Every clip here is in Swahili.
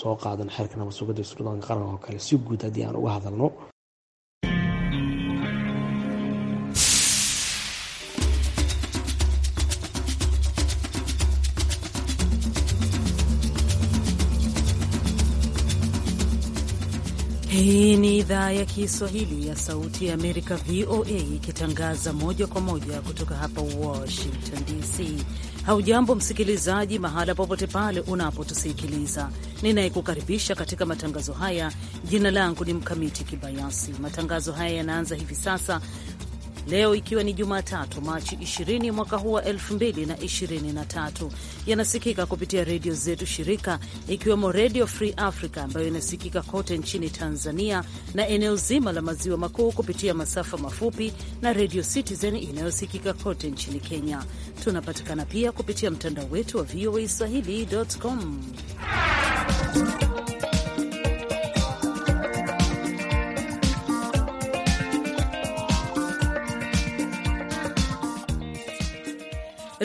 soo qaadan xeerka nabad sugidda suudaanka qaranka oo kale si guud haddii aan uga hadalno Hii ni idhaa ya Kiswahili ya Sauti ya Amerika, VOA, ikitangaza moja kwa moja kutoka hapa Washington DC. Haujambo msikilizaji, mahala popote pale unapotusikiliza. Ninayekukaribisha katika matangazo haya, jina langu ni Mkamiti Kibayasi. Matangazo haya yanaanza hivi sasa leo ikiwa ni Jumatatu, Machi 20 mwaka huu wa 2023. Yanasikika kupitia redio zetu shirika, ikiwemo Redio Free Africa ambayo inasikika kote nchini Tanzania na eneo zima la maziwa makuu kupitia masafa mafupi na Redio Citizen inayosikika kote nchini Kenya. Tunapatikana pia kupitia mtandao wetu wa VOA swahili.com.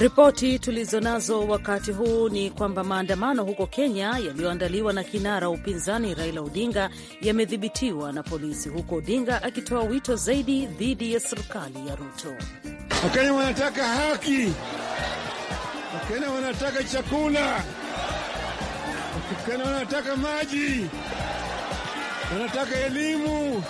Ripoti tulizo nazo wakati huu ni kwamba maandamano huko Kenya yaliyoandaliwa na kinara upinzani Raila Odinga yamedhibitiwa na polisi, huku Odinga akitoa wito zaidi dhidi ya serikali ya Ruto. Wakenya wanataka haki, Wakenya wanataka chakula, Wakenya wanataka maji, wanataka elimu.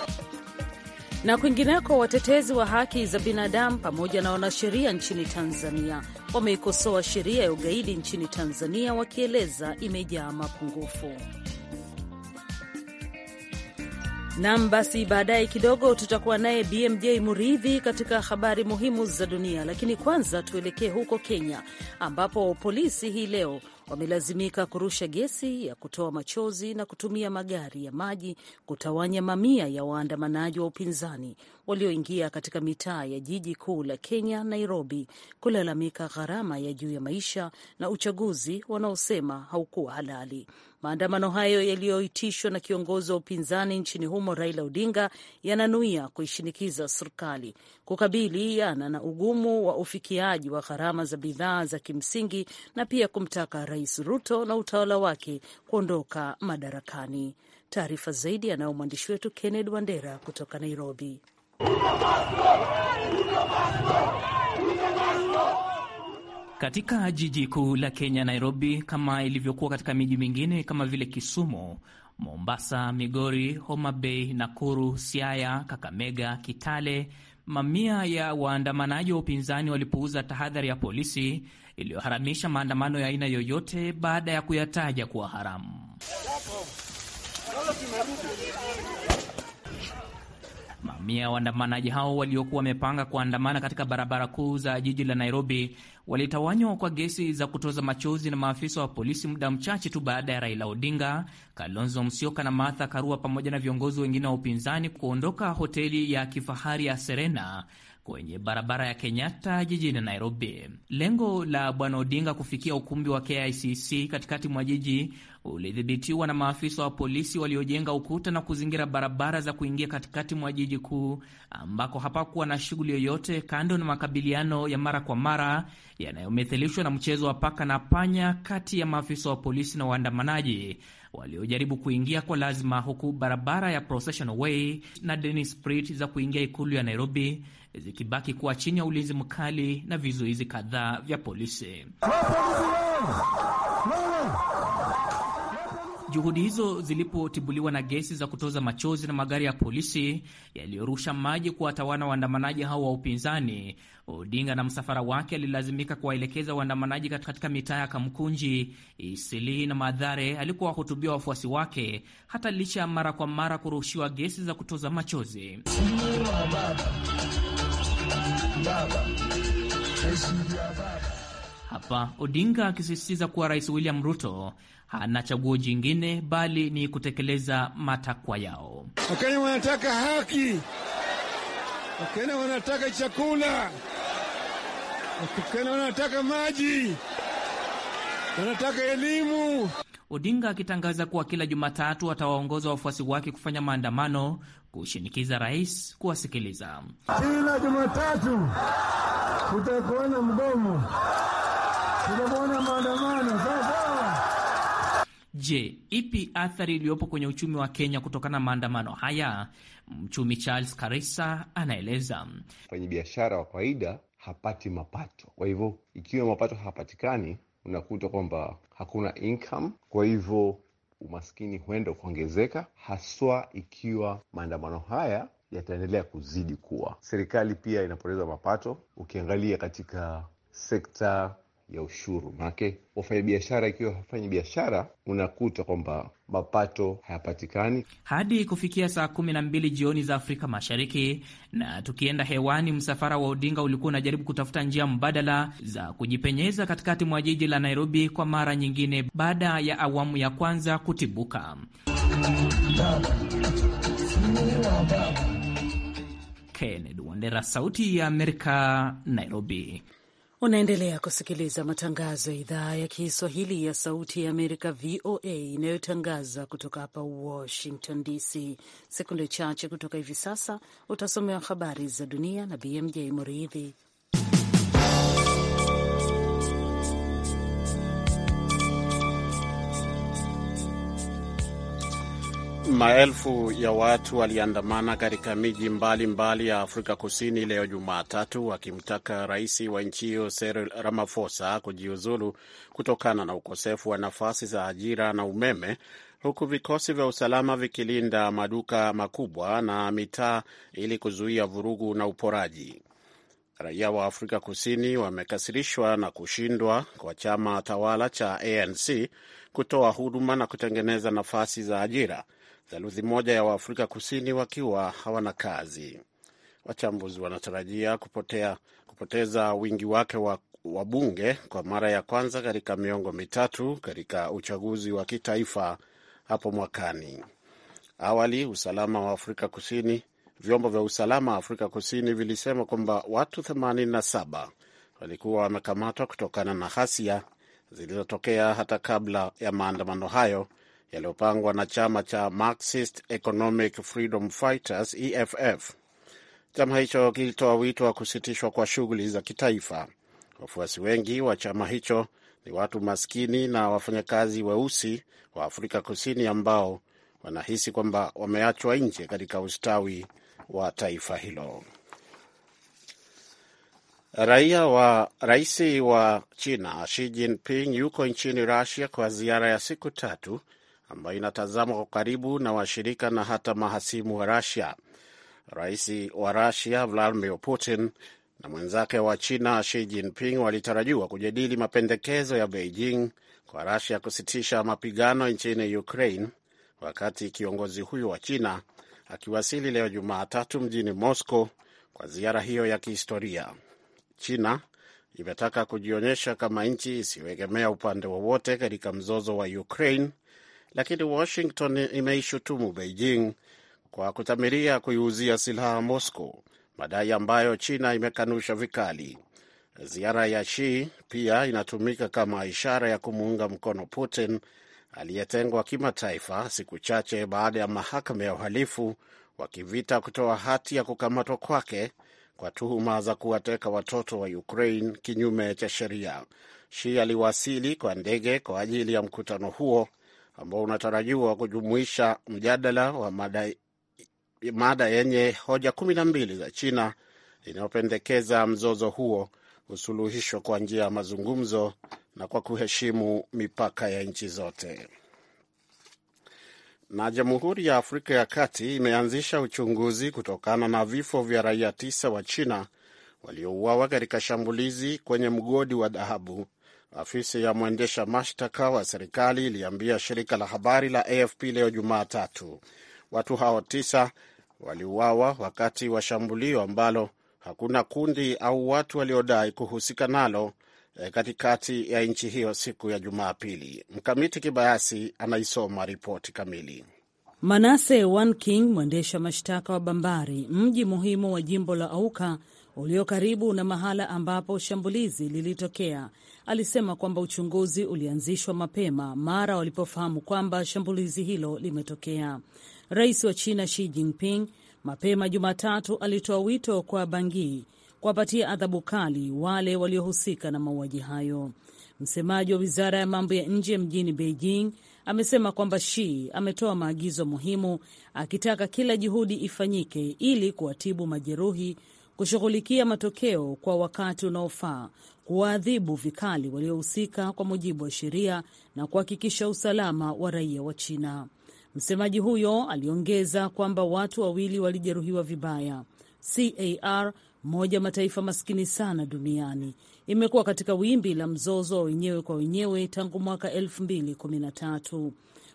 Na kwingineko, watetezi wa haki za binadamu pamoja na wanasheria nchini Tanzania wameikosoa sheria ya ugaidi nchini Tanzania wakieleza imejaa mapungufu. Nam, basi baadaye kidogo tutakuwa naye BMJ Muridhi katika habari muhimu za dunia, lakini kwanza tuelekee huko Kenya ambapo polisi hii leo wamelazimika kurusha gesi ya kutoa machozi na kutumia magari ya maji kutawanya mamia ya waandamanaji wa upinzani walioingia katika mitaa ya jiji kuu la Kenya, Nairobi, kulalamika gharama ya juu ya maisha na uchaguzi wanaosema haukuwa halali. Maandamano hayo yaliyoitishwa na kiongozi wa upinzani nchini humo Raila Odinga yananuia kuishinikiza serikali kukabiliana na ugumu wa ufikiaji wa gharama za bidhaa za kimsingi na pia kumtaka Rais Ruto na utawala wake kuondoka madarakani. Taarifa zaidi anayo mwandishi wetu Kenneth Wandera kutoka Nairobi. Katika jiji kuu la Kenya, Nairobi, kama ilivyokuwa katika miji mingine kama vile Kisumu, Mombasa, Migori, Homa Bay, Nakuru, Siaya, Kakamega, Kitale, mamia ya waandamanaji wa upinzani walipouza tahadhari ya polisi iliyoharamisha maandamano ya aina yoyote baada ya kuyataja kuwa haramu. Mamia ya waandamanaji hao waliokuwa wamepanga kuandamana katika barabara kuu za jiji la Nairobi walitawanywa kwa gesi za kutoza machozi na maafisa wa polisi muda mchache tu baada ya Raila Odinga, Kalonzo Musyoka na Martha Karua pamoja na viongozi wengine wa upinzani kuondoka hoteli ya kifahari ya Serena kwenye barabara ya Kenyatta jijini Nairobi. Lengo la Bwana Odinga kufikia ukumbi wa KICC katikati mwa jiji ulidhibitiwa na maafisa wa polisi waliojenga ukuta na kuzingira barabara za kuingia katikati mwa jiji kuu ambako hapakuwa na shughuli yoyote kando na makabiliano ya mara kwa mara yanayomethelishwa na mchezo wa paka na panya kati ya maafisa wa polisi na waandamanaji waliojaribu kuingia kwa lazima, huku barabara ya Procession Way na Street za kuingia ikulu ya Nairobi zikibaki kuwa chini ya ulinzi mkali na vizuizi kadhaa vya polisi. Juhudi hizo zilipotibuliwa na gesi za kutoza machozi na magari ya polisi yaliyorusha maji kuwatawana waandamanaji hao wa upinzani, Odinga na msafara wake alilazimika kuwaelekeza waandamanaji katika mitaa ya Kamkunji, Isili na Madhare alikuwahutubia wahutubia wafuasi wake, hata licha ya mara kwa mara kurushiwa gesi za kutoza machozi. Hapa Odinga akisisitiza kuwa Rais William Ruto hana chaguo jingine bali ni kutekeleza matakwa yao. Wakenya wanataka haki, Wakenya wanataka chakula, Wakenya wanataka maji, wanataka elimu. Odinga akitangaza kuwa kila Jumatatu atawaongoza wafuasi wake kufanya maandamano kushinikiza rais kuwasikiliza. Kila Jumatatu utakuona mgomo, utakuona maandamano maandamano sawa. Je, ipi athari iliyopo kwenye uchumi wa Kenya kutokana na maandamano haya? Mchumi Charles Karisa anaeleza. biashara wa kawaida hapati mapato, kwa hivyo ikiwa mapato hapatikani, unakuta kwamba hakuna income, kwa hivyo umaskini huenda kuongezeka, haswa ikiwa maandamano haya yataendelea kuzidi kuwa. Serikali pia inapoteza mapato. Ukiangalia katika sekta ya ushuru. Manake wafanyabiashara ikiwa hafanyi biashara, unakuta kwamba mapato hayapatikani. Hadi kufikia saa kumi na mbili jioni za Afrika Mashariki, na tukienda hewani, msafara wa Odinga ulikuwa unajaribu kutafuta njia mbadala za kujipenyeza katikati mwa jiji la Nairobi kwa mara nyingine baada ya awamu ya kwanza kutibuka. Kennedy Wandera, Sauti ya Amerika, Nairobi. Unaendelea kusikiliza matangazo ya idhaa ya Kiswahili ya Sauti ya Amerika, VOA, inayotangaza kutoka hapa Washington DC. Sekunde chache kutoka hivi sasa utasomewa habari za dunia na BMJ Muridhi. Maelfu ya watu waliandamana katika miji mbalimbali ya Afrika Kusini leo Jumatatu, wakimtaka rais wa nchi hiyo Cyril Ramaphosa kujiuzulu kutokana na ukosefu wa nafasi za ajira na umeme, huku vikosi vya usalama vikilinda maduka makubwa na mitaa ili kuzuia vurugu na uporaji. Raia wa Afrika Kusini wamekasirishwa na kushindwa kwa chama tawala cha ANC kutoa huduma na kutengeneza nafasi za ajira theluthi moja ya Waafrika Kusini wakiwa hawana kazi. Wachambuzi wanatarajia kupotea, kupoteza wingi wake wa wabunge kwa mara ya kwanza katika miongo mitatu katika uchaguzi wa kitaifa hapo mwakani. Awali usalama wa Afrika Kusini, vyombo vya usalama wa Afrika Kusini vilisema kwamba watu 87 walikuwa wamekamatwa kutokana na ghasia zilizotokea hata kabla ya maandamano hayo yaliyopangwa na chama cha Marxist Economic Freedom Fighters EFF. Chama hicho kilitoa wito wa kusitishwa kwa shughuli za kitaifa. Wafuasi wengi wa chama hicho ni watu maskini na wafanyakazi weusi wa Afrika Kusini ambao wanahisi kwamba wameachwa nje katika ustawi wa taifa hilo. Raia wa rais wa China Xi Jinping yuko nchini rusia kwa ziara ya siku tatu ambayo inatazamwa kwa karibu na washirika na hata mahasimu wa Rusia. Rais wa Rusia Vladimir Putin na mwenzake wa China Xi Jinping walitarajiwa kujadili mapendekezo ya Beijing kwa Rusia kusitisha mapigano nchini Ukraine, wakati kiongozi huyo wa China akiwasili leo Jumatatu mjini Moscow kwa ziara hiyo ya kihistoria. China imetaka kujionyesha kama nchi isiyoegemea upande wowote katika mzozo wa Ukraine lakini Washington imeishutumu Beijing kwa kutamiria kuiuzia silaha Moscow, madai ambayo China imekanusha vikali. Ziara ya Xi pia inatumika kama ishara ya kumuunga mkono Putin aliyetengwa kimataifa, siku chache baada ya mahakama ya uhalifu wa kivita kutoa hati ya kukamatwa kwake kwa tuhuma za kuwateka watoto wa Ukraine kinyume cha sheria. Xi aliwasili kwa ndege kwa ajili ya mkutano huo ambao unatarajiwa kujumuisha mjadala wa mada, mada yenye hoja kumi na mbili za China inayopendekeza mzozo huo usuluhishwa kwa njia ya mazungumzo na kwa kuheshimu mipaka ya nchi zote. Na Jamhuri ya Afrika ya Kati imeanzisha uchunguzi kutokana na vifo vya raia tisa wa China waliouawa katika shambulizi kwenye mgodi wa dhahabu Afisi ya mwendesha mashtaka wa serikali iliambia shirika la habari la AFP leo Jumatatu. Watu hao tisa waliuawa wakati wa shambulio ambalo hakuna kundi au watu waliodai kuhusika nalo eh, katikati ya nchi hiyo siku ya Jumapili. Mkamiti Kibayasi anaisoma ripoti kamili. Manase Wanking, mwendesha mashtaka wa Bambari, mji muhimu wa jimbo la Auka, ulio karibu na mahala ambapo shambulizi lilitokea, alisema kwamba uchunguzi ulianzishwa mapema mara walipofahamu kwamba shambulizi hilo limetokea. Rais wa China Xi Jinping mapema Jumatatu alitoa wito kwa bangi kuwapatia adhabu kali wale waliohusika na mauaji hayo. Msemaji wa wizara ya mambo ya nje mjini Beijing amesema kwamba shi ametoa maagizo muhimu akitaka kila juhudi ifanyike ili kuwatibu majeruhi kushughulikia matokeo kwa wakati unaofaa, kuwaadhibu vikali waliohusika kwa mujibu wa sheria na kuhakikisha usalama wa raia wa China. Msemaji huyo aliongeza kwamba watu wawili walijeruhiwa vibaya. CAR, moja mataifa maskini sana duniani, imekuwa katika wimbi la mzozo wa wenyewe kwa wenyewe tangu mwaka 2013.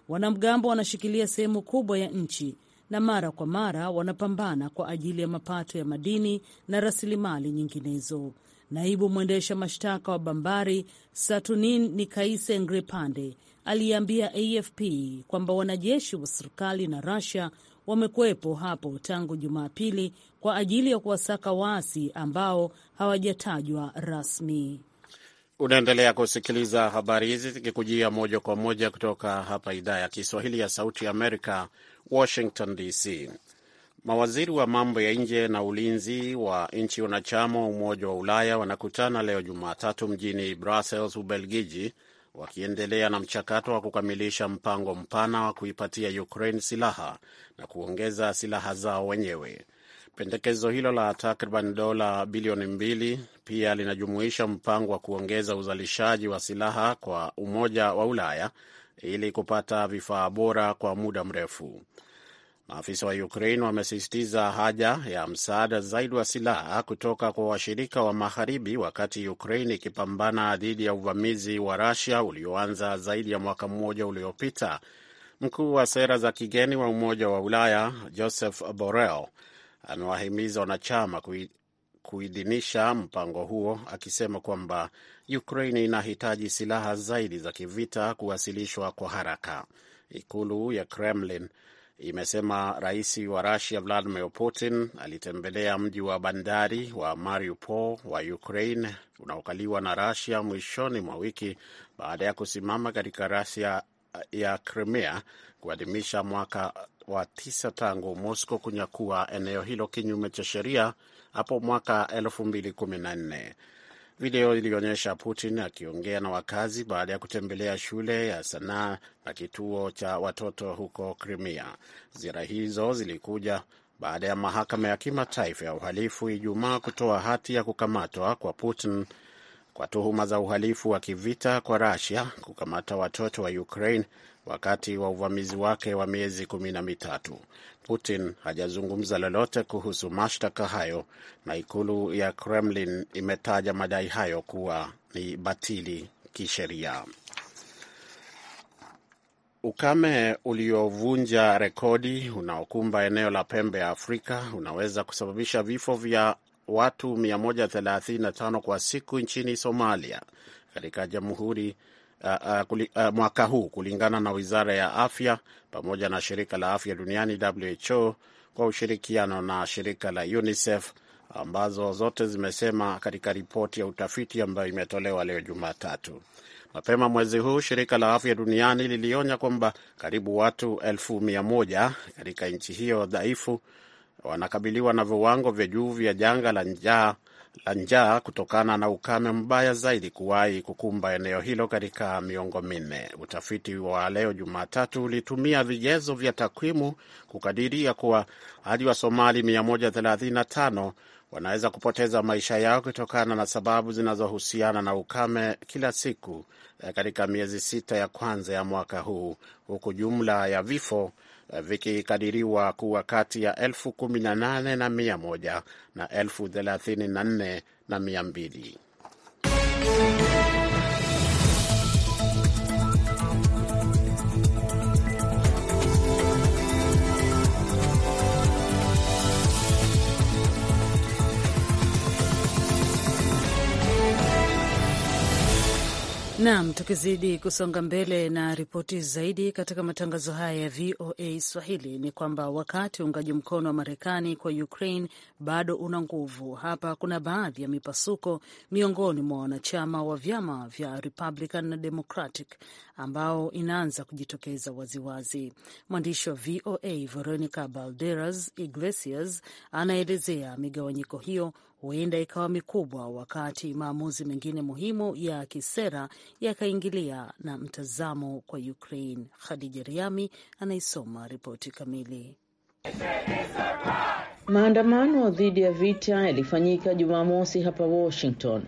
Wanamgambo wanashikilia sehemu kubwa ya nchi na mara kwa mara wanapambana kwa ajili ya mapato ya madini na rasilimali nyinginezo. Naibu mwendesha mashtaka wa Bambari Satunin Nikaise Ngrepande aliyeambia AFP kwamba wanajeshi wa serikali na rasia wamekuwepo hapo tangu Jumapili kwa ajili ya kuwasaka waasi ambao hawajatajwa rasmi. Unaendelea kusikiliza habari hizi zikikujia moja kwa moja kutoka hapa idhaa ya Kiswahili ya Sauti ya Amerika, Washington DC. Mawaziri wa mambo ya nje na ulinzi wa nchi wanachama wa Umoja wa Ulaya wanakutana leo Jumatatu mjini Brussels, Ubelgiji, wakiendelea na mchakato wa kukamilisha mpango mpana wa kuipatia Ukraine silaha na kuongeza silaha zao wenyewe. Pendekezo hilo la takriban dola bilioni mbili pia linajumuisha mpango wa kuongeza uzalishaji wa silaha kwa Umoja wa Ulaya ili kupata vifaa bora kwa muda mrefu. Maafisa wa Ukraine wamesisitiza haja ya msaada zaidi wa silaha kutoka kwa washirika wa magharibi wakati Ukraine ikipambana dhidi ya uvamizi wa Russia ulioanza zaidi ya mwaka mmoja uliopita. Mkuu wa sera za kigeni wa Umoja wa Ulaya Joseph Borrell amewahimiza wanachama kuidhinisha mpango huo, akisema kwamba Ukraine inahitaji silaha zaidi za kivita kuwasilishwa kwa haraka. Ikulu ya Kremlin imesema rais wa Rusia Vladimir Putin alitembelea mji wa bandari wa Mariupol wa Ukraine unaokaliwa na rasia mwishoni mwa wiki baada ya kusimama katika rasia ya Crimea kuadhimisha mwaka wa tisa tangu Moscow kunyakua eneo hilo kinyume cha sheria hapo mwaka 2014. Video ilionyesha Putin akiongea na wakazi baada ya kutembelea shule ya sanaa na kituo cha watoto huko Crimea. Ziara hizo zilikuja baada ya mahakama ya kimataifa ya uhalifu Ijumaa kutoa hati ya kukamatwa kwa Putin kwa tuhuma za uhalifu wa kivita kwa Russia kukamata watoto wa Ukraine wakati wa uvamizi wake wa miezi kumi na mitatu. Putin hajazungumza lolote kuhusu mashtaka hayo na ikulu ya Kremlin imetaja madai hayo kuwa ni batili kisheria. Ukame uliovunja rekodi unaokumba eneo la pembe ya Afrika unaweza kusababisha vifo vya watu 135 kwa siku nchini Somalia katika jamhuri uh, uh, kuli, uh, mwaka huu kulingana na Wizara ya Afya pamoja na Shirika la Afya Duniani WHO kwa ushirikiano na shirika la UNICEF ambazo zote zimesema katika ripoti ya utafiti ambayo imetolewa leo Jumatatu. Mapema mwezi huu shirika la afya duniani lilionya kwamba karibu watu elfu mia moja katika nchi hiyo dhaifu wanakabiliwa na viwango vya juu vya janga la njaa la njaa kutokana na ukame mbaya zaidi kuwahi kukumba eneo hilo katika miongo minne. Utafiti wa leo Jumatatu ulitumia vigezo vya takwimu kukadiria kuwa hadi wa somali 135 wanaweza kupoteza maisha yao kutokana na sababu zinazohusiana na ukame kila siku eh, katika miezi sita ya kwanza ya mwaka huu, huku jumla ya vifo vikikadiriwa kuwa kati ya elfu kumi na nane na mia moja na elfu thelathini na nne na mia mbili. Naam, tukizidi kusonga mbele na ripoti zaidi katika matangazo haya ya VOA Swahili ni kwamba wakati uungaji mkono wa Marekani kwa Ukraine bado una nguvu, hapa kuna baadhi ya mipasuko miongoni mwa wanachama wa vyama vya Republican na Democratic ambao inaanza kujitokeza waziwazi. Mwandishi wa VOA Veronica Balderas Iglesias anaelezea migawanyiko hiyo huenda ikawa mikubwa wakati maamuzi mengine muhimu ya kisera yakaingilia na mtazamo kwa Ukraine. Khadija Riami anaisoma ripoti kamili. Maandamano dhidi ya vita yalifanyika Jumamosi hapa Washington.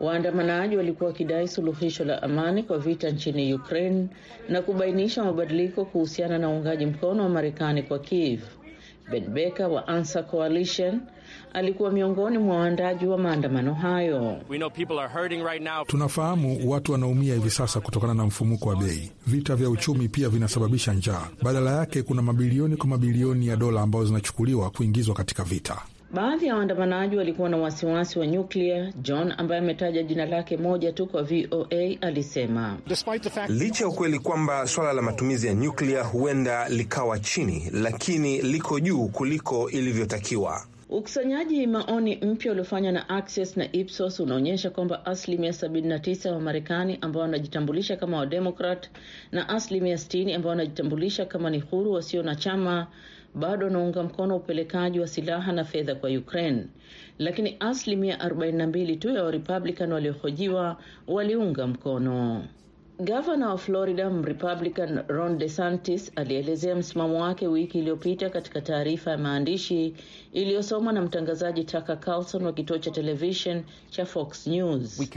Waandamanaji walikuwa wakidai suluhisho la amani kwa vita nchini Ukraine na kubainisha mabadiliko kuhusiana na uungaji mkono wa Marekani kwa Kiev. Ben wa ansa Coalition alikuwa miongoni mwa waandaji wa maandamano hayo. Right, tunafahamu watu wanaumia hivi sasa kutokana na mfumuko wa bei. Vita vya uchumi pia vinasababisha njaa. Badala yake kuna mabilioni kwa mabilioni ya dola ambazo zinachukuliwa kuingizwa katika vita. Baadhi ya waandamanaji walikuwa na wasiwasi wa nyuklia. John ambaye ametaja jina lake moja tu kwa VOA alisema licha ya ukweli kwamba swala la matumizi ya nyuklia huenda likawa chini, lakini liko juu kuliko ilivyotakiwa. Ukusanyaji maoni mpya uliofanywa na Access na Ipsos unaonyesha kwamba asilimia 79 wa Marekani ambao wanajitambulisha kama Wademokrat na asilimia 60 ambao wanajitambulisha kama ni huru wasio na chama bado wanaunga mkono upelekaji wa silaha na fedha kwa Ukraine, lakini asilimia 42 tu ya Warepublican waliohojiwa waliunga mkono. Gavana wa Florida Mrepublican Ron DeSantis alielezea msimamo wake wiki iliyopita katika taarifa ya maandishi iliyosomwa na mtangazaji Tucker Carlson wa kituo cha televishen cha Fox News.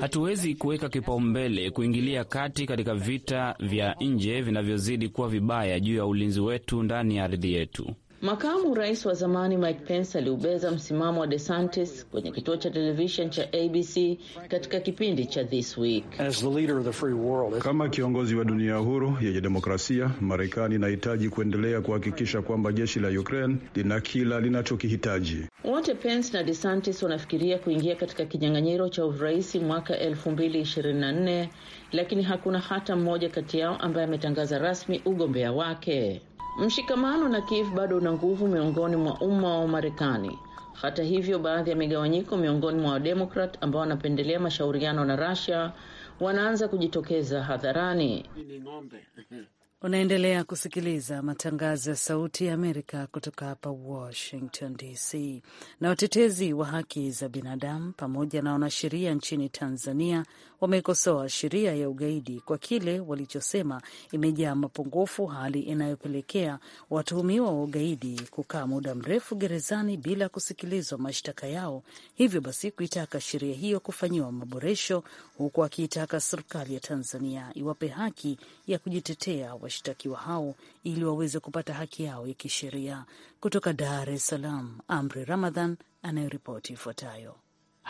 Hatuwezi kuweka kipaumbele kuingilia kati katika vita vya nje vinavyozidi kuwa vibaya juu ya ulinzi wetu ndani ya ardhi yetu. Makamu rais wa zamani Mike Pence aliubeza msimamo wa DeSantis kwenye kituo cha televishen cha ABC katika kipindi cha This Week. Kama kiongozi wa dunia huru yenye demokrasia, Marekani inahitaji kuendelea kuhakikisha kwamba jeshi la Ukraine lina kila linachokihitaji. Wote Pence na DeSantis wanafikiria kuingia katika kinyang'anyiro cha urais mwaka 2024, lakini hakuna hata mmoja kati yao ambaye ametangaza rasmi ugombea wake. Mshikamano na Kiev bado una nguvu miongoni mwa umma wa Marekani. Hata hivyo, baadhi ya migawanyiko miongoni mwa Wademokrat ambao wanapendelea mashauriano na Russia wanaanza kujitokeza hadharani. Unaendelea kusikiliza matangazo ya Sauti ya Amerika kutoka hapa Washington DC. Na watetezi wa haki za binadamu pamoja na wanasheria nchini Tanzania wamekosoa sheria ya ugaidi kwa kile walichosema imejaa mapungufu, hali inayopelekea watuhumiwa wa ugaidi kukaa muda mrefu gerezani bila kusikilizwa mashtaka yao, hivyo basi kuitaka sheria hiyo kufanyiwa maboresho, huku akiitaka serikali ya Tanzania iwape haki ya kujitetea wa washtakiwa hao ili waweze kupata haki yao ya kisheria. Kutoka Dar es Salaam, Amri Ramadhan anayeripoti ifuatayo.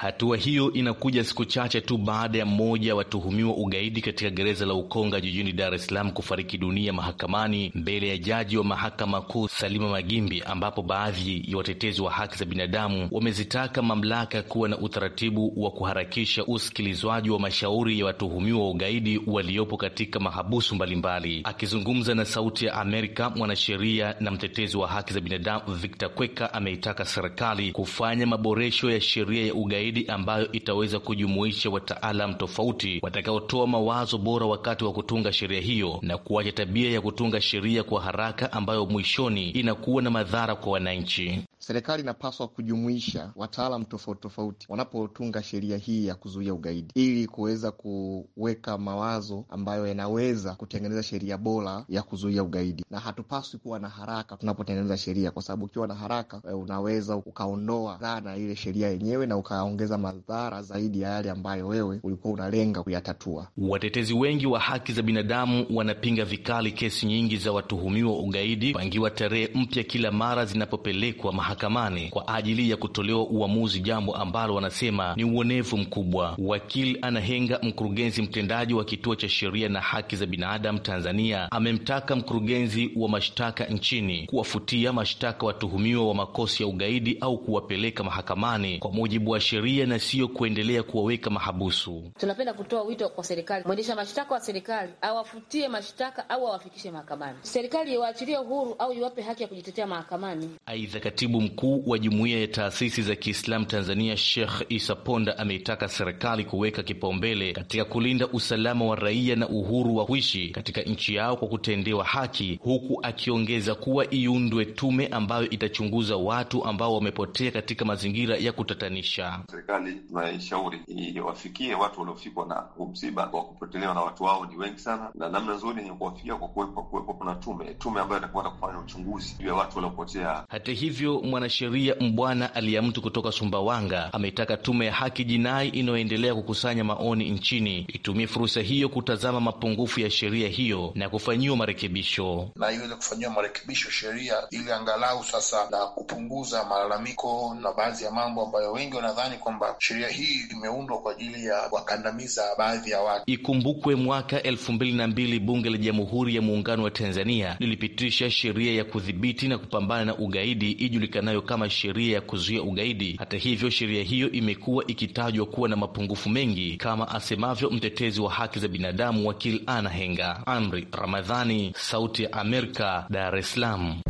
Hatua hiyo inakuja siku chache tu baada ya mmoja watuhumiwa ugaidi katika gereza la Ukonga jijini Dar es Salaam kufariki dunia mahakamani mbele ya jaji wa mahakama kuu Salima Magimbi, ambapo baadhi ya watetezi wa haki za binadamu wamezitaka mamlaka kuwa na utaratibu wa kuharakisha usikilizwaji wa mashauri ya watuhumiwa wa ugaidi waliopo katika mahabusu mbalimbali. Akizungumza na Sauti ya Amerika, mwanasheria na mtetezi wa haki za binadamu Victor Kweka ameitaka serikali kufanya maboresho ya sheria ya ugaidi zaidi ambayo itaweza kujumuisha wataalam tofauti watakaotoa mawazo bora wakati wa kutunga sheria hiyo na kuacha tabia ya kutunga sheria kwa haraka ambayo mwishoni inakuwa na madhara kwa wananchi serikali inapaswa kujumuisha wataalam tofauti tofauti wanapotunga sheria hii ya kuzuia ugaidi ili kuweza kuweka mawazo ambayo yanaweza kutengeneza sheria bora ya kuzuia ugaidi, na hatupaswi kuwa na haraka tunapotengeneza sheria, kwa sababu ukiwa na haraka eh, unaweza ukaondoa dhana ile sheria yenyewe na ukaongeza madhara zaidi ya yale ambayo wewe ulikuwa unalenga kuyatatua. Watetezi wengi wa haki za binadamu wanapinga vikali kesi nyingi za watuhumiwa ugaidi pangiwa tarehe mpya kila mara zinapopelekwa mahakamani kwa ajili ya kutolewa uamuzi, jambo ambalo wanasema ni uonevu mkubwa. Wakili Anahenga, mkurugenzi mtendaji wa kituo cha sheria na haki za binadamu Tanzania, amemtaka mkurugenzi wa mashtaka nchini kuwafutia mashtaka watuhumiwa wa makosa ya ugaidi au kuwapeleka mahakamani kwa mujibu wa sheria na siyo kuendelea kuwaweka mahabusu. Tunapenda kutoa wito kwa serikali, mwendesha mashtaka wa serikali awafutie mashtaka au awafikishe mahakamani. Serikali iwaachilie uhuru au iwape haki ya kujitetea mahakamani. Aidha, katibu mkuu wa jumuiya ya taasisi za Kiislamu Tanzania Sheikh Isa Ponda ameitaka serikali kuweka kipaumbele katika kulinda usalama wa raia na uhuru wa kuishi katika nchi yao kwa kutendewa haki, huku akiongeza kuwa iundwe tume ambayo itachunguza watu ambao wamepotea katika mazingira ya kutatanisha. Serikali tunaishauri iwafikie watu waliofikwa na umsiba wa kupotelewa na watu wao ni wengi sana, na namna nzuri yenye kuwafikia kwa kuwepo kuna tume tume ambayo itakwenda kufanya uchunguzi juu ya watu waliopotea. Hata hivyo mwanasheria Mbwana mtu kutoka Sumbawanga ameitaka tume ya haki jinai inayoendelea kukusanya maoni nchini itumie fursa hiyo kutazama mapungufu ya sheria hiyo na kufanyiwa marekebisho, na iweze kufanyiwa marekebisho sheria ili angalau sasa na kupunguza malalamiko na baadhi ya mambo ambayo wengi wanadhani kwamba sheria hii imeundwa kwa ajili ya kuwakandamiza baadhi ya watu. Ikumbukwe mwaka elfu mbili na mbili bunge la Jamhuri ya Muungano wa Tanzania lilipitisha sheria ya kudhibiti na kupambana na ugaidi ijulikana ijulikanayo kama sheria ya kuzuia ugaidi. Hata hivyo, sheria hiyo imekuwa ikitajwa kuwa na mapungufu mengi, kama asemavyo mtetezi wa haki za binadamu wakili Anahenga. Amri Ramadhani, Sauti ya Amerika, Dar es Salaam.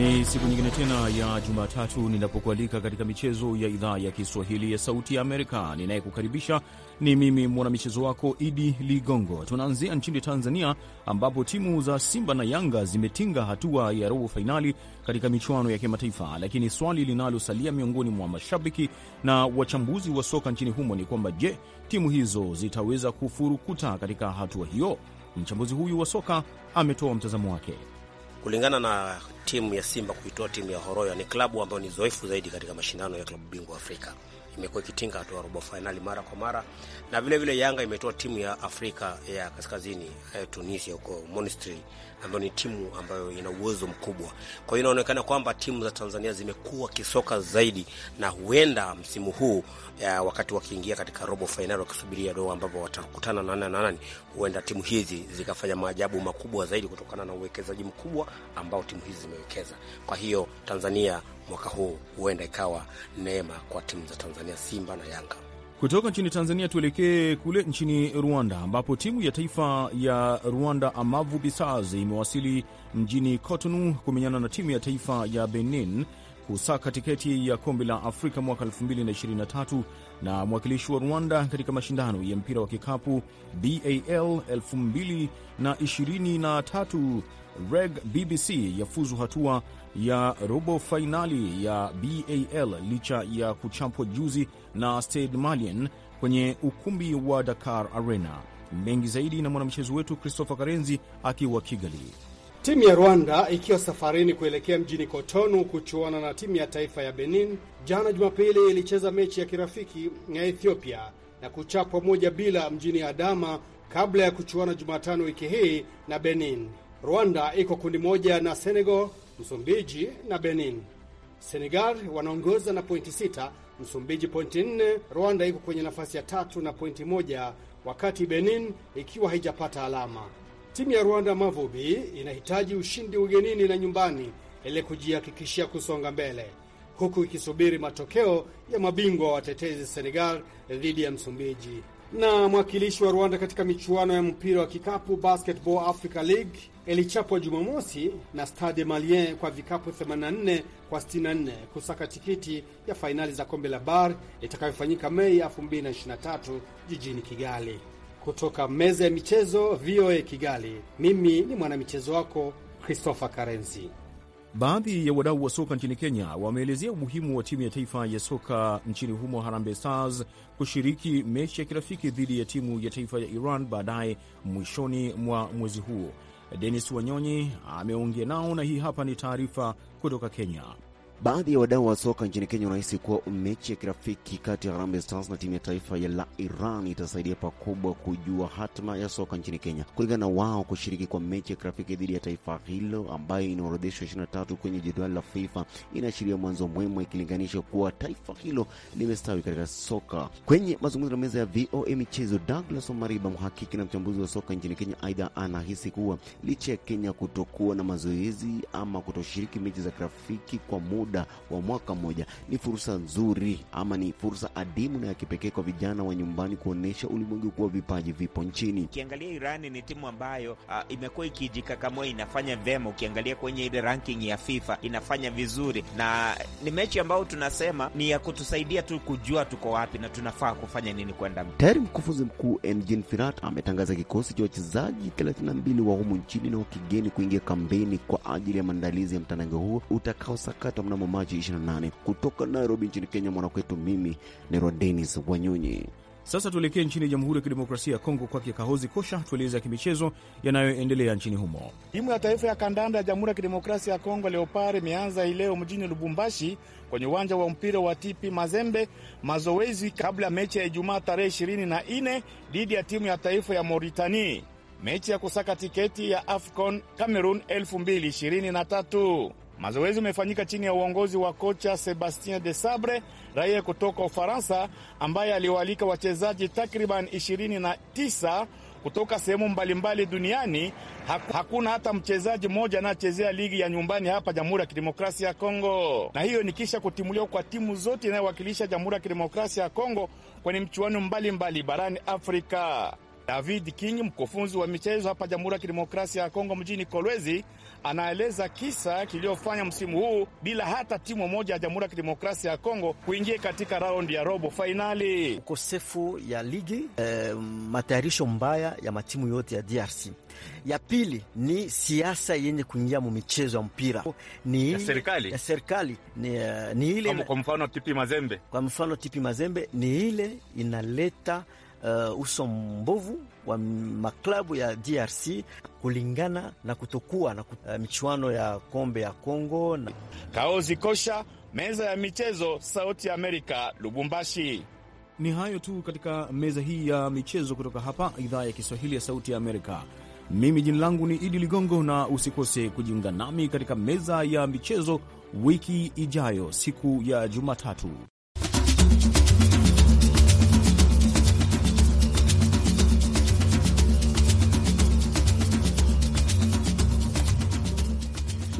Ni siku nyingine tena ya Jumatatu ninapokualika katika michezo ya idhaa ya Kiswahili ya Sauti ya Amerika. Ninayekukaribisha ni mimi mwanamichezo wako Idi Ligongo. Tunaanzia nchini Tanzania, ambapo timu za Simba na Yanga zimetinga hatua ya robo fainali katika michuano ya kimataifa, lakini swali linalosalia miongoni mwa mashabiki na wachambuzi wa soka nchini humo ni kwamba je, timu hizo zitaweza kufurukuta katika hatua hiyo? Mchambuzi huyu wa soka ametoa mtazamo wake kulingana na timu ya Simba kuitoa timu ya Horoya ni klabu ambayo ni zoefu zaidi katika mashindano ya klabu bingwa Afrika imekuwa ikitinga hatua ya robo fainali mara kwa mara, na vile vile Yanga imetoa timu ya Afrika ya Kaskazini eh, Tunisia, huko Monastir, ambayo ni timu ambayo ina uwezo mkubwa. Kwa hiyo inaonekana kwamba timu za Tanzania zimekuwa kisoka zaidi, na huenda msimu huu ya eh, wakati wakiingia katika robo fainali wakisubiria do ambapo watakutana na nani na nani, huenda timu hizi zikafanya maajabu makubwa zaidi kutokana na uwekezaji mkubwa ambao timu hizi zimewekeza. Kwa hiyo Tanzania mwaka huu huenda ikawa neema kwa timu za Tanzania ya Simba na Yanga. Kutoka nchini Tanzania tuelekee kule nchini Rwanda, ambapo timu ya taifa ya Rwanda Amavubi Stars imewasili mjini Cotonou kumenyana na timu ya taifa ya Benin kusaka tiketi ya kombe la Afrika mwaka 2023 na mwakilishi wa Rwanda katika mashindano ya mpira wa kikapu BAL 2023 Reg BBC yafuzu hatua ya robo fainali ya BAL licha ya kuchapwa juzi na Stade Malien kwenye ukumbi wa Dakar Arena. Mengi zaidi na mwanamchezo wetu Christopher Karenzi akiwa Kigali. Timu ya Rwanda ikiwa safarini kuelekea mjini Kotonu kuchuana na timu ya taifa ya Benin, jana Jumapili ilicheza mechi ya kirafiki na Ethiopia na kuchapwa moja bila mjini Adama kabla ya kuchuana Jumatano wiki hii na Benin. Rwanda iko kundi moja na Senegal, Msumbiji na Benin. Senegal wanaongoza na pointi sita, Msumbiji pointi nne, Rwanda iko kwenye nafasi ya tatu na pointi moja, wakati Benin ikiwa haijapata alama. Timu ya Rwanda Mavubi inahitaji ushindi ugenini na nyumbani ili kujihakikishia kusonga mbele, huku ikisubiri matokeo ya mabingwa wa watetezi Senegal dhidi ya Msumbiji. Na mwakilishi wa Rwanda katika michuano ya mpira wa kikapu Basketball Africa League ilichapwa Jumamosi na Stade Malien kwa vikapu 84 kwa 64 kusaka tikiti ya fainali za kombe la BAR itakayofanyika Mei 2023 jijini Kigali. Kutoka meza ya michezo VOA Kigali, mimi ni mwanamichezo wako Christopher Karenzi. Baadhi ya wadau wa soka nchini Kenya wameelezea umuhimu wa timu ya taifa ya soka nchini humo Harambee Stars kushiriki mechi ya kirafiki dhidi ya timu ya taifa ya Iran baadaye mwishoni mwa mwezi huo. Denis Wanyonyi ameongea nao, na hii hapa ni taarifa kutoka Kenya. Baadhi ya wadau wa soka nchini Kenya wanahisi kuwa mechi ya kirafiki kati ya Harambee Stars na timu ya taifa ya la Iran itasaidia pakubwa kujua hatima ya soka nchini Kenya. Kulingana na wao, kushiriki kwa mechi ya kirafiki dhidi ya taifa hilo ambayo inaorodheshwa 23 kwenye jedwali la FIFA inaashiria mwanzo mwema, ikilinganisha kuwa taifa hilo limestawi katika soka. Kwenye mazungumzo na meza ya VOA Michezo, Douglas Omariba, mhakiki na mchambuzi wa soka nchini Kenya, aidha anahisi kuwa licha ya Kenya kutokuwa na mazoezi ama kutoshiriki mechi za kirafiki kwa muda muda wa mwaka mmoja ni fursa nzuri ama ni fursa adimu na ya kipekee kwa vijana wa nyumbani kuonyesha ulimwengu kuwa vipaji vipo nchini. Ukiangalia Irani ni timu ambayo uh, imekuwa ikijikakamua, inafanya vyema. Ukiangalia kwenye ile ranking ya FIFA inafanya vizuri, na ni mechi ambayo tunasema ni ya kutusaidia tu kujua tuko wapi na tunafaa kufanya nini kwenda. Tayari mkufunzi mkuu Engin Firat ametangaza kikosi cha wachezaji 32 wa humu nchini na wakigeni kuingia kampeni kwa ajili ya maandalizi ya mtanange huo utakaosakata mnamo mnamo Machi 28 kutoka Nairobi nchini Kenya. Mwanakwetu mimi ni Denis Wanyonyi. Sasa tuelekee nchini Jamhuri ya Kidemokrasia ya Kongo, kwake Kahozi Kosha tueleze kimichezo yanayoendelea nchini humo. Timu ya taifa ya kandanda ya Jamhuri ya Kidemokrasia ya Kongo leopar imeanza leo mjini Lubumbashi kwenye uwanja wa mpira wa TP Mazembe mazoezi kabla ya mechi ya Ijumaa tarehe ishirini na nne dhidi ya timu ya taifa ya Mauritani, mechi ya kusaka tiketi ya AFCON Cameroon 2023. Mazoezi umefanyika chini ya uongozi wa kocha Sebastien de Sabre, raia kutoka Ufaransa, ambaye aliwaalika wachezaji takriban 29 kutoka sehemu mbalimbali duniani. Hakuna hata mchezaji mmoja anayechezea ligi ya nyumbani hapa Jamhuri ya Kidemokrasia ya Kongo, na hiyo ni kisha kutimuliwa kwa timu zote inayowakilisha Jamhuri ya Kidemokrasia ya Kongo kwenye mchuano mbalimbali barani Afrika. David King, mkufunzi wa michezo hapa Jamhuri ya Kidemokrasia ya Kongo mjini Kolwezi, anaeleza kisa kiliyofanya msimu huu bila hata timu moja ya Jamhuri ya Kidemokrasia ya Kongo kuingia katika raundi ya robo fainali. Ukosefu ya ligi eh, matayarisho mbaya ya matimu yote ya DRC. Ya pili ni siasa yenye kuingia mu michezo ya mpira ni ya serikali, ya serikali ni, uh, ni ile kwa mfano Tipi Mazembe, kwa mfano Tipi Mazembe ni ile inaleta uh, usombovu wa maklabu ya DRC kulingana na kutokuwa na uh, michuano ya kombe ya Kongo na... Kaozi Kosha, meza ya michezo, Sauti ya Amerika, Lubumbashi. Ni hayo tu katika meza hii ya michezo kutoka hapa idhaa ya Kiswahili ya Sauti ya Amerika. Mimi jina langu ni Idi Ligongo, na usikose kujiunga nami katika meza ya michezo wiki ijayo siku ya Jumatatu.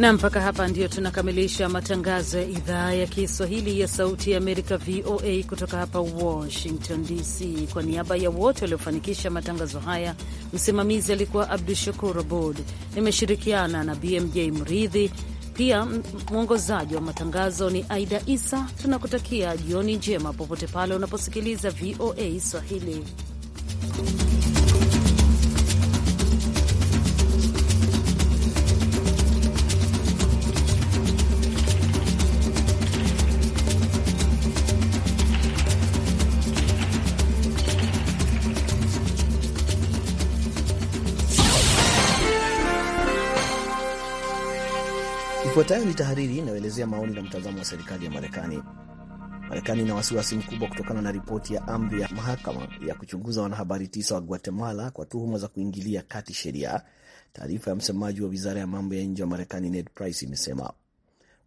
na mpaka hapa ndio tunakamilisha matangazo ya idhaa ya Kiswahili ya Sauti ya Amerika, VOA, kutoka hapa Washington DC. Kwa niaba ya wote waliofanikisha matangazo haya, msimamizi alikuwa Abdu Shakur Abud, nimeshirikiana na BMJ Mridhi, pia mwongozaji wa matangazo ni Aida Isa. Tunakutakia jioni njema popote pale unaposikiliza VOA Swahili. Ifuatayo ni tahariri inayoelezea maoni na mtazamo wa serikali ya Marekani. Marekani ina wasiwasi mkubwa kutokana na ripoti ya amri ya mahakama ya kuchunguza wanahabari tisa wa Guatemala kwa tuhuma za kuingilia kati sheria. Taarifa ya msemaji wa wizara ya mambo ya nje wa Marekani Ned Price imesema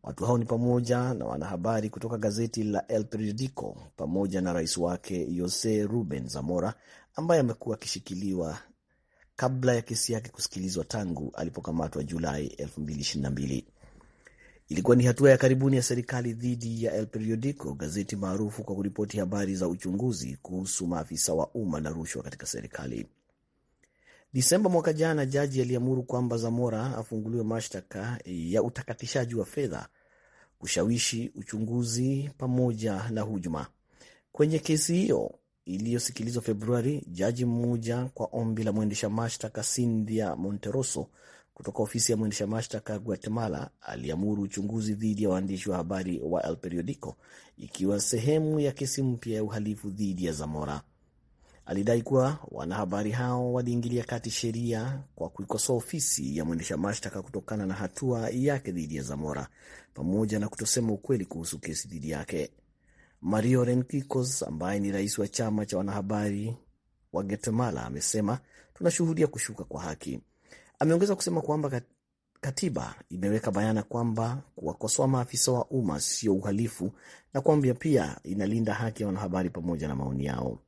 watu hao ni pamoja na wanahabari kutoka gazeti la El Periodico pamoja na rais wake Jose Ruben Zamora ambaye amekuwa akishikiliwa kabla ya kesi yake kusikilizwa tangu alipokamatwa Julai 2022. Ilikuwa ni hatua ya karibuni ya serikali dhidi ya El Periodico, gazeti maarufu kwa kuripoti habari za uchunguzi kuhusu maafisa wa umma na rushwa katika serikali. Desemba mwaka jana, jaji aliamuru kwamba Zamora afunguliwe mashtaka ya utakatishaji wa fedha, kushawishi uchunguzi, pamoja na hujuma. Kwenye kesi hiyo iliyosikilizwa Februari, jaji mmoja kwa ombi la mwendesha mashtaka Cynthia Monteroso kutoka ofisi ya mwendesha mashtaka Guatemala aliamuru uchunguzi dhidi ya waandishi wa habari wa El Periodico ikiwa sehemu ya kesi mpya ya uhalifu dhidi ya Zamora. Alidai kuwa wanahabari hao waliingilia kati sheria kwa kuikosoa ofisi ya mwendesha mashtaka kutokana na hatua yake dhidi ya Zamora pamoja na kutosema ukweli kuhusu kesi dhidi yake. Mario Renkicos ambaye ni rais wa chama cha wanahabari wa Guatemala amesema tunashuhudia kushuka kwa haki Ameongeza kusema kwamba katiba imeweka bayana kwamba kuwakosoa maafisa wa umma sio uhalifu na kwamba pia inalinda haki ya wanahabari pamoja na maoni yao.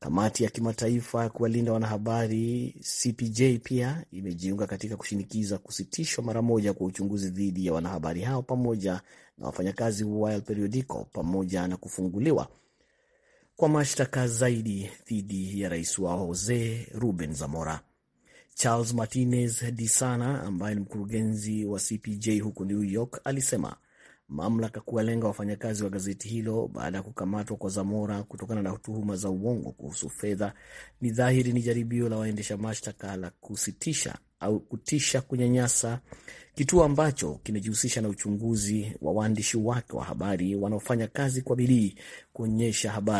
Kamati ya kimataifa ya kuwalinda wanahabari CPJ pia imejiunga katika kushinikiza kusitishwa mara moja kwa uchunguzi dhidi ya wanahabari hao pamoja na wafanyakazi wa El Periodico pamoja na kufunguliwa kwa mashtaka zaidi dhidi ya rais wao Jose Ruben Zamora. Charles Martinez Disana ambaye ni mkurugenzi wa CPJ huko New York alisema mamlaka kuwalenga wafanyakazi wa gazeti hilo baada ya kukamatwa kwa Zamora kutokana na tuhuma za uongo kuhusu fedha ni dhahiri ni jaribio la waendesha mashtaka la kusitisha au kutisha kunyanyasa kituo ambacho kinajihusisha na uchunguzi wa waandishi wake wa habari wanaofanya kazi kwa bidii kuonyesha habari